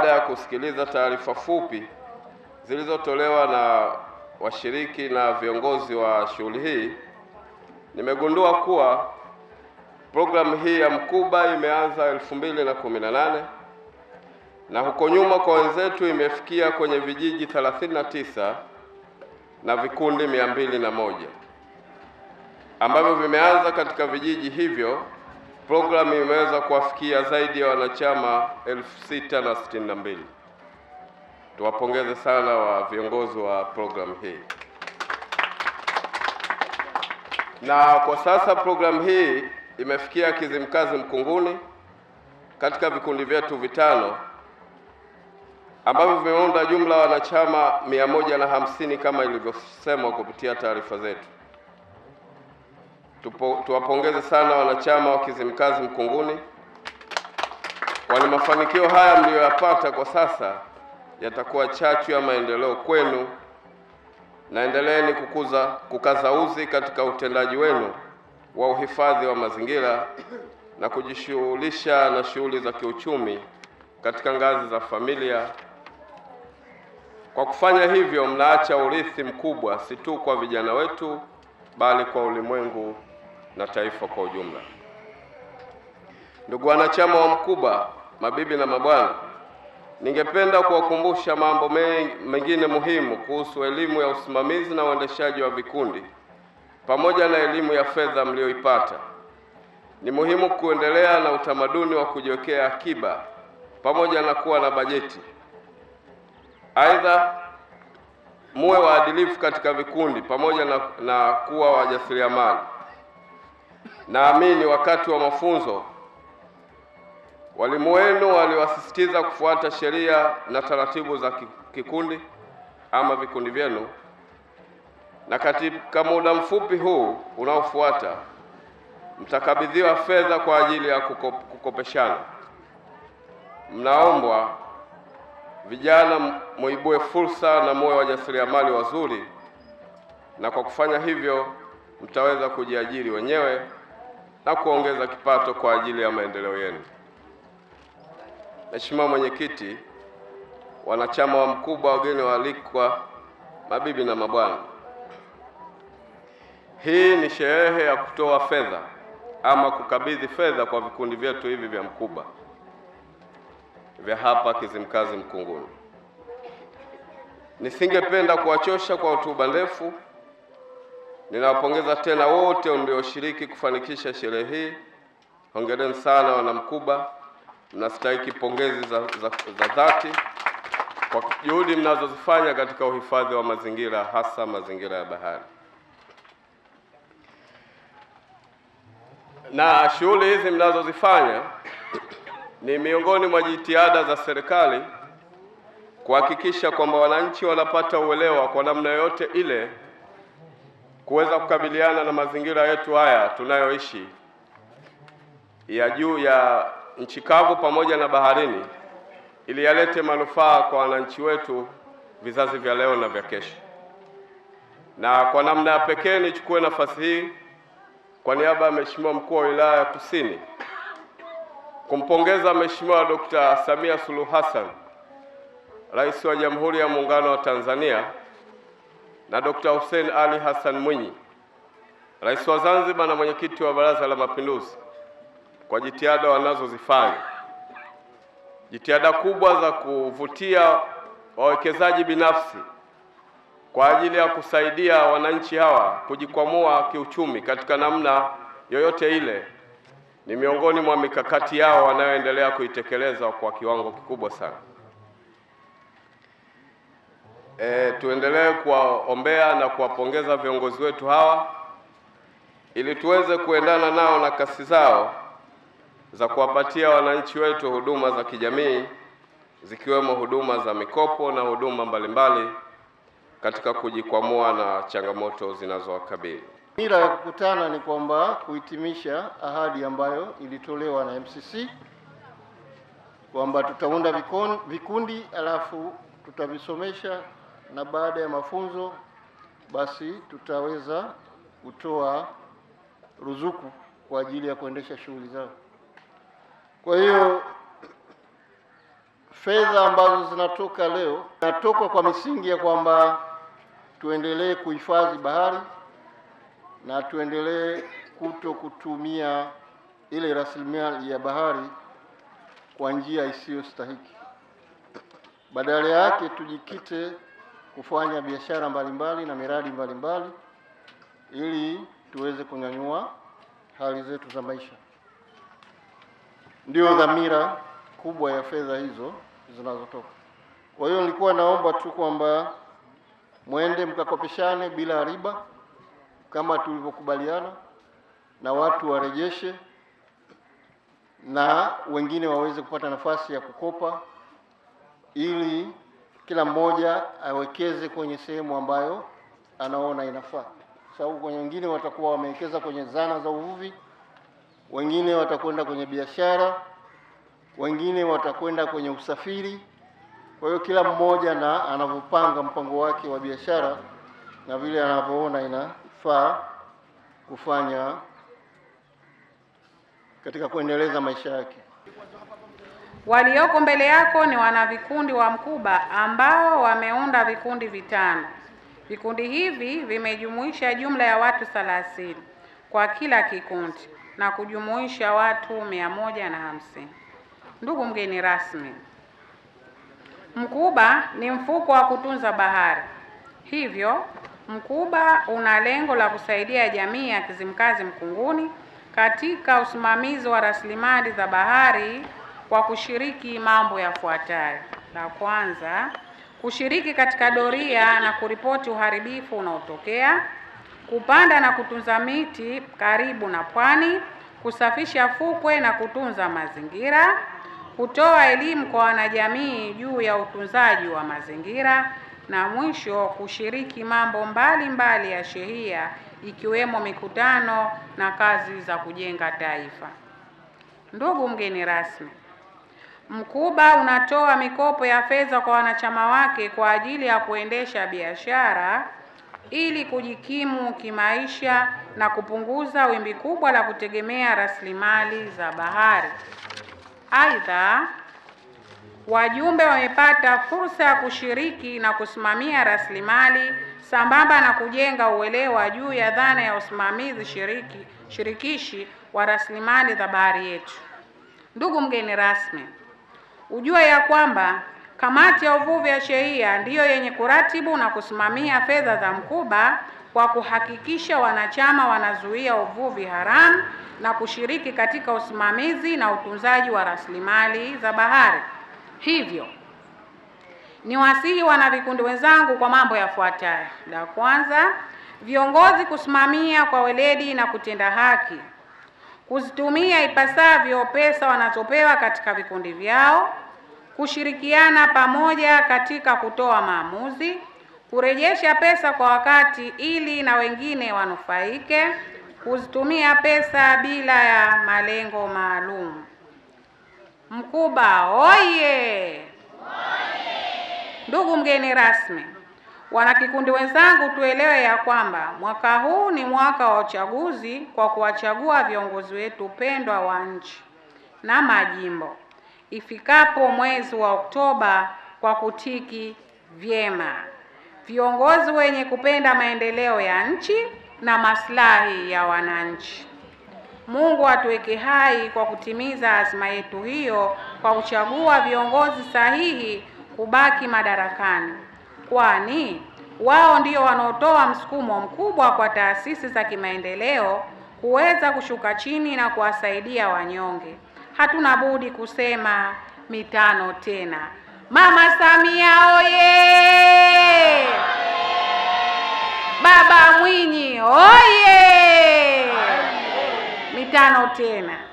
Baada ya kusikiliza taarifa fupi zilizotolewa na washiriki na viongozi wa shughuli hii, nimegundua kuwa programu hii ya Mkuba imeanza 2018 na huko nyuma kwa wenzetu imefikia kwenye vijiji 39 na vikundi 201 ambavyo vimeanza katika vijiji hivyo Programu imeweza kuwafikia zaidi ya wanachama elfu sita na sitini na mbili. Tuwapongeze sana wa viongozi wa programu hii, na kwa sasa programu hii imefikia Kizimkazi Mkunguni katika vikundi vyetu vitano ambavyo vimeunda jumla wanachama mia moja na hamsini kama ilivyosemwa kupitia taarifa zetu. Tupo, tuwapongeze sana wanachama wa Kizimkazi Mkunguni kwani mafanikio haya mliyoyapata kwa sasa yatakuwa chachu ya maendeleo kwenu. Naendeleeni kukuza kukaza uzi katika utendaji wenu wa uhifadhi wa mazingira na kujishughulisha na shughuli za kiuchumi katika ngazi za familia. Kwa kufanya hivyo, mnaacha urithi mkubwa si tu kwa vijana wetu bali kwa ulimwengu na taifa kwa ujumla. Ndugu wanachama wa Mkuba, mabibi na mabwana, ningependa kuwakumbusha mambo mengine muhimu kuhusu elimu ya usimamizi na uendeshaji wa vikundi pamoja na elimu ya fedha mliyoipata. Ni muhimu kuendelea na utamaduni wa kujiwekea akiba pamoja na kuwa na bajeti. Aidha, muwe waadilifu katika vikundi pamoja na, na kuwa wajasiriamali. Naamini wakati wa mafunzo walimu wenu waliwasisitiza kufuata sheria na taratibu za kikundi ama vikundi vyenu, na katika muda mfupi huu unaofuata mtakabidhiwa fedha kwa ajili ya kukopeshana. Mnaombwa vijana muibue fursa na muwe wajasiriamali wazuri, na kwa kufanya hivyo mtaweza kujiajiri wenyewe na kuongeza kipato kwa ajili ya maendeleo yenu. Mheshimiwa Mwenyekiti, wanachama wa Mkubwa, wageni waalikwa, mabibi na mabwana, hii ni sherehe ya kutoa fedha ama kukabidhi fedha kwa vikundi vyetu hivi vya Mkubwa vya hapa Kizimkazi Mkunguni. Nisingependa kuwachosha kwa hotuba ndefu. Ninawapongeza tena wote mlioshiriki kufanikisha sherehe hii. Hongereni sana wana mkubwa mnastahili pongezi za, za, za dhati kwa juhudi mnazozifanya katika uhifadhi wa mazingira hasa mazingira ya bahari. Na shughuli hizi mnazozifanya ni miongoni mwa jitihada za serikali kuhakikisha kwamba wananchi wanapata uelewa kwa namna yoyote ile kuweza kukabiliana na mazingira yetu haya tunayoishi ya juu ya nchi kavu pamoja na baharini, ili yalete manufaa kwa wananchi wetu, vizazi vya leo na vya kesho. Na kwa namna ya pekee nichukue nafasi hii kwa niaba ya Mheshimiwa Mkuu wa Wilaya ya Kusini kumpongeza Mheshimiwa Dr. Samia Suluhu Hassan, Rais wa Jamhuri ya Muungano wa Tanzania na Dr. Hussein Ali Hassan Mwinyi, Rais wa Zanzibar na mwenyekiti wa Baraza la Mapinduzi kwa jitihada wanazozifanya, jitihada kubwa za kuvutia wawekezaji binafsi kwa ajili ya kusaidia wananchi hawa kujikwamua kiuchumi katika namna yoyote ile, ni miongoni mwa mikakati yao wanayoendelea kuitekeleza kwa kiwango kikubwa sana. E, tuendelee kuwaombea na kuwapongeza viongozi wetu hawa ili tuweze kuendana nao na kasi zao za kuwapatia wananchi wetu huduma za kijamii zikiwemo huduma za mikopo na huduma mbalimbali katika kujikwamua na changamoto zinazowakabili. Mira ya kukutana ni kwamba kuhitimisha ahadi ambayo ilitolewa na MCC kwamba tutaunda vikundi alafu tutavisomesha na baada ya mafunzo basi tutaweza kutoa ruzuku kwa ajili ya kuendesha shughuli zao. Kwa hiyo fedha ambazo zinatoka leo zinatoka kwa misingi ya kwamba tuendelee kuhifadhi bahari na tuendelee kuto kutumia ile rasilimali ya bahari kwa njia isiyo stahiki. Badala yake tujikite kufanya biashara mbalimbali na miradi mbalimbali ili tuweze kunyanyua hali zetu za maisha. Ndiyo dhamira kubwa ya fedha hizo zinazotoka. Kwa hiyo nilikuwa naomba tu kwamba mwende mkakopeshane bila riba kama tulivyokubaliana, na watu warejeshe na wengine waweze kupata nafasi ya kukopa ili kila mmoja awekeze kwenye sehemu ambayo anaona inafaa, sababu kwenye wengine watakuwa wamewekeza kwenye zana za uvuvi, wengine watakwenda kwenye biashara, wengine watakwenda kwenye usafiri. Kwa hiyo kila mmoja na anavyopanga mpango wake wa biashara na vile anavyoona inafaa kufanya katika kuendeleza maisha yake. Walioko mbele yako ni wanavikundi wa Mkuba ambao wameunda vikundi vitano. Vikundi hivi vimejumuisha jumla ya watu 30 kwa kila kikundi na kujumuisha watu mia na hamsini. Ndugu mgeni rasmi, Mkuba ni mfuko wa kutunza bahari, hivyo Mkuba una lengo la kusaidia jamii ya Kizimkazi Mkunguni katika usimamizi wa rasilimali za bahari kwa kushiriki mambo yafuatayo. La kwanza, kushiriki katika doria na kuripoti uharibifu unaotokea, kupanda na kutunza miti karibu na pwani, kusafisha fukwe na kutunza mazingira, kutoa elimu kwa wanajamii juu ya utunzaji wa mazingira, na mwisho kushiriki mambo mbalimbali mbali ya shehia ikiwemo mikutano na kazi za kujenga taifa. Ndugu mgeni rasmi, Mkuba unatoa mikopo ya fedha kwa wanachama wake kwa ajili ya kuendesha biashara ili kujikimu kimaisha na kupunguza wimbi kubwa la kutegemea rasilimali za bahari. Aidha, wajumbe wamepata fursa ya kushiriki na kusimamia rasilimali sambamba na kujenga uelewa juu ya dhana ya usimamizi shiriki, shirikishi wa rasilimali za bahari yetu. Ndugu mgeni rasmi, ujue ya kwamba kamati ya uvuvi ya shehia ndiyo yenye kuratibu na kusimamia fedha za mkuba kwa kuhakikisha wanachama wanazuia uvuvi haramu na kushiriki katika usimamizi na utunzaji wa rasilimali za bahari. Hivyo ni wasihi wana vikundi wenzangu kwa mambo yafuatayo. La kwanza, viongozi kusimamia kwa weledi na kutenda haki kuzitumia ipasavyo pesa wanazopewa katika vikundi vyao, kushirikiana pamoja katika kutoa maamuzi, kurejesha pesa kwa wakati ili na wengine wanufaike, kuzitumia pesa bila ya malengo maalum. Mkuba oye! Oye! Ndugu mgeni rasmi Wanakikundi wenzangu, tuelewe ya kwamba mwaka huu ni mwaka wa uchaguzi kwa kuwachagua viongozi wetu pendwa wa nchi na majimbo ifikapo mwezi wa Oktoba kwa kutiki vyema viongozi wenye kupenda maendeleo ya nchi na maslahi ya wananchi. Mungu atuweke hai kwa kutimiza azma yetu hiyo kwa kuchagua viongozi sahihi kubaki madarakani kwani wao ndio wanaotoa msukumo mkubwa kwa taasisi za kimaendeleo kuweza kushuka chini na kuwasaidia wanyonge. Hatuna budi kusema mitano tena. Mama Samia oye! Baba Mwinyi oye! Mitano tena.